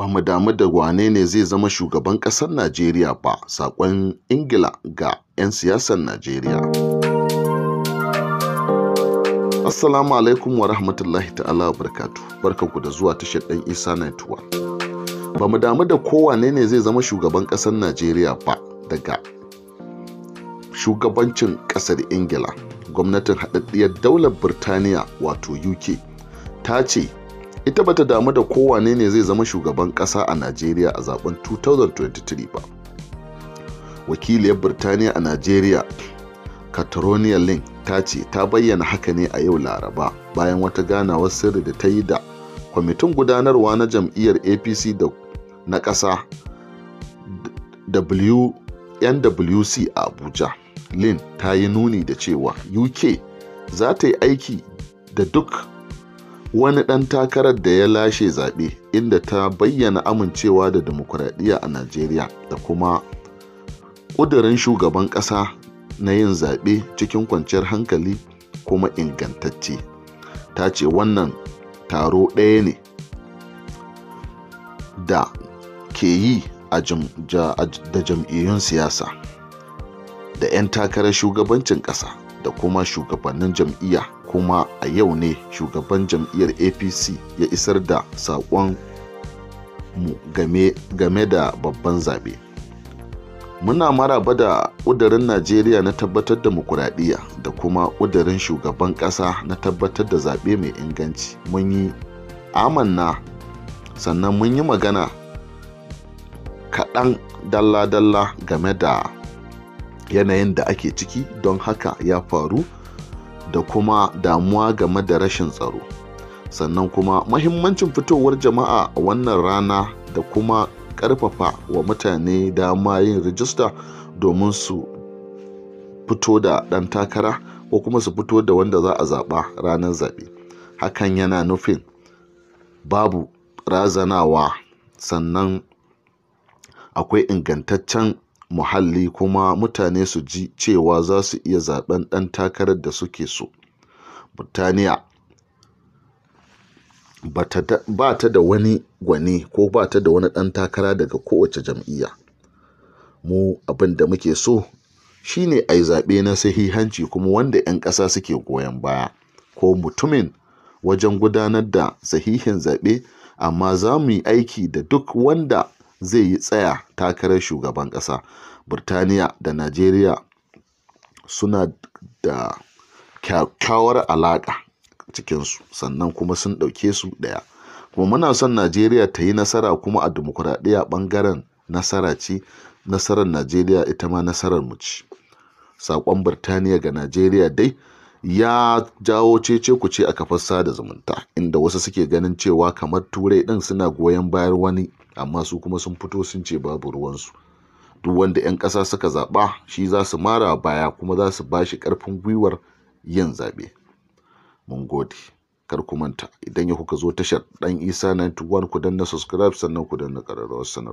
ba mu damu da wane ne zai zama shugaban ƙasar Najeriya ba, saƙon Ingila ga 'yan siyasar Najeriya. Assalamu alaikum wa rahmatullahi ta'ala wa barkatu, barkanku da zuwa tashar ɗan Isa 91. Ba mu damu da kowane ne zai zama shugaban ƙasar Najeriya ba daga shugabancin ƙasar Ingila, gwamnatin haɗaɗɗiyar daular Birtaniya wato UK, ta ce ita bata damu da kowane ne zai zama shugaban kasa a najeriya a zaben 2023 ba wakiliyar birtaniya a najeriya catalonia link ta ce ta bayyana haka ne a yau laraba bayan wata ganawar sirri da ta yi da kwamitin gudanarwa na jam'iyyar apc na kasa nwc a abuja lin ta yi nuni da cewa uk za ta yi aiki da duk wani ɗan takarar da ya lashe zaɓe inda ta bayyana amincewa da demokuraɗiyya a najeriya da kuma ƙudurin shugaban ƙasa na yin zaɓe cikin kwanciyar hankali kuma ingantacce ta ce wannan taro ɗaya ne da ke yi a da jam'iyyun siyasa da 'yan takarar shugabancin ƙasa da kuma shugabannin jam'iyya kuma a yau ne shugaban jam'iyyar apc ya isar da saƙon mu game da babban zaɓe muna maraba da ƙudurin najeriya na tabbatar da mukuraɗiyya da kuma ƙudurin shugaban ƙasa na tabbatar da zaɓe mai inganci mun yi amanna sannan mun yi magana kaɗan dalla-dalla game da yanayin da ake ciki don haka ya faru da kuma damuwa game da rashin tsaro sannan kuma mahimmancin fitowar jama'a wannan rana da kuma karfafa wa mutane dama yin rijista domin su fito da ɗan takara ko kuma su fito da wanda za a zaɓa ranar zaɓe hakan yana nufin babu razanawa sannan akwai ingantaccen muhalli kuma mutane su ji cewa za su iya zaben ɗan takarar da suke so. Burtaniya ba ta da wani gwani ko ba ta da wani ɗan takara daga kowace jam'iyya. Mu abin da muke so shi ne a yi zaɓe na sahihanci kuma wanda 'yan ƙasa suke goyon baya ko mutumin wajen gudanar da sahihin zaɓe amma za mu yi aiki da duk wanda zai yi tsaya takarar shugaban ƙasa burtaniya da najeriya suna da kyakkyawar alaƙa cikinsu sannan kuma sun ɗauke su ɗaya kuma muna son najeriya ta yi nasara kuma a dimokuraɗiyya ɓangaren nasara ce nasarar najeriya ita ma nasarar mu ce saƙon birtaniya ga najeriya dai ya jawo cece ku ce a kafar sada zumunta inda wasu suke ganin cewa kamar turai ɗin suna goyon bayar wani amma su kuma sun fito sun ce babu ruwansu duk wanda 'yan ƙasa suka zaɓa shi za su mara baya kuma za su bashi shi ƙarfin gwiwar yin zaɓe mun gode kar ku manta idan ya kuka zo tashar dan isa 91 ku danna subscribe sannan ku danna ƙararrawar sanar